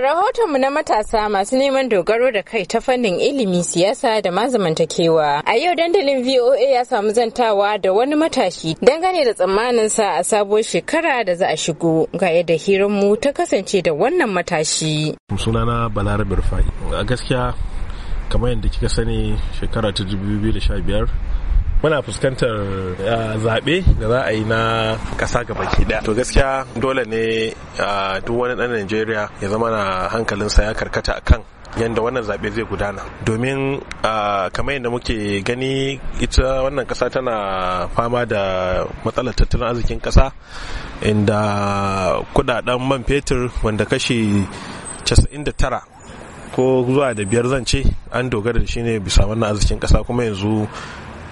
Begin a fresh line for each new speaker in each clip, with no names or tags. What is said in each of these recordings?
rahotonmu na matasa masu neman dogaro da kai ta fannin ilimi siyasa da mazamantakewa. A yau dandalin VOA ya samu zantawa da wani matashi dangane da tsammaninsa a sabuwar shekara da za a shigo ga yadda hiranmu ta kasance da wannan matashi.
Sunana Balarabe Rufai. A gaskiya kamar yadda kika sani shekara ta 2015 muna fuskantar uh, zaɓe da za a yi na ƙasa ga baki ɗaya to gaskiya dole ne uh, duk wani ɗan najeriya ya zama na hankalinsa ya karkata a kan yadda wannan zaɓe zai gudana domin uh, kamar yadda muke gani ita wannan ƙasa tana fama da matsalar tattalin arzikin ƙasa inda kuɗaɗen man fetur wanda kashi 99 ko zuwa da biyar zance an dogara da shi ne bisa wannan arzikin ƙasa kuma yanzu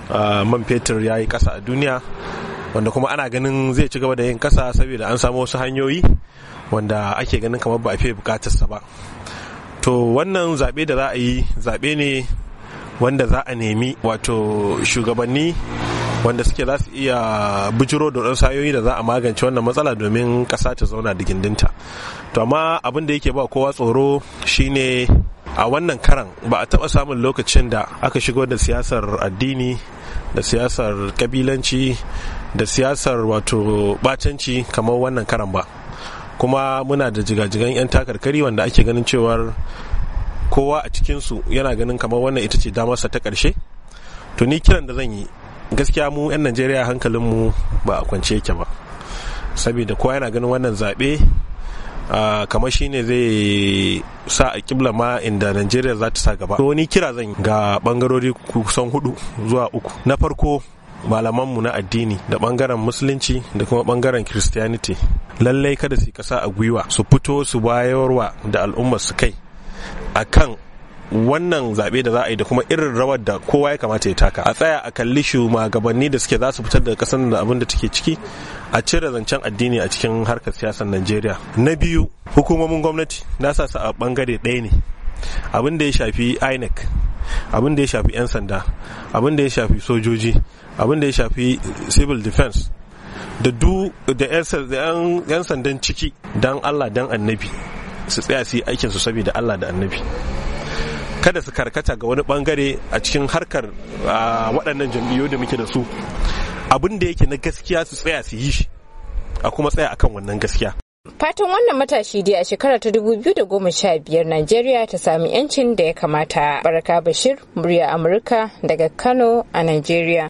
Ah, man fetur ya yi kasa a duniya wanda kuma ana ganin zai ci gaba da yin kasa saboda an samu wasu hanyoyi wanda ake ganin kamar ba a fiye bukatarsa ba to wannan zaɓe da za a yi zaɓe ne wanda za a nemi wato shugabanni wanda suke za su iya bujiro da wadansu sayoyi da za a magance wannan matsala domin kasa ta zauna da gindinta to amma abin da yake ba kowa tsoro shine a wannan karan ba a taɓa samun lokacin da aka shigo da siyasar addini da siyasar kabilanci da siyasar wato bacanci kamar wannan karan ba kuma muna da jigajigan 'yan takarkari wanda ake ganin cewar kowa a cikinsu yana ganin kamar wannan ita ce damarsa ta ƙarshe to ni kiran da zan yi gaskiya mu 'yan najeriya hankalinmu ba a kwance yake ba saboda kowa yana ganin wannan zaɓe kamar shi ne zai sa a kibla ma inda najeriya za ta sa gaba wani kira zan ga bangarori kusan hudu zuwa uku na farko malamanmu na addini da bangaren musulunci da kuma bangaren christianity lallai kada su kasa a gwiwa su fito su bayarwa da al'ummar su kai akan wannan zaɓe da za a yi da kuma irin rawar da kowa ya kamata ya taka a tsaya a kalli shugabanni da suke za su fitar da ƙasar da abin da take ciki a cire zancen addini a cikin harkar siyasar najeriya na biyu hukumomin gwamnati na sa su a bangare ɗaya ne abin da ya shafi inec abin da ya shafi 'yan sanda abin da ya shafi sojoji abin da ya shafi civil defense da du da 'yan sandan ciki don allah don annabi su tsaya su yi aikinsu saboda allah da annabi kada su karkata ga wani bangare a cikin harkar waɗannan jam'iyyu da muke da su abin da yake na gaskiya su tsaya su yi shi a kuma tsaya akan wannan gaskiya
fatan wannan matashi dai a shekara ta 2015 Najeriya ta sami 'yancin da ya kamata baraka bashir murya amurka daga kano a Najeriya.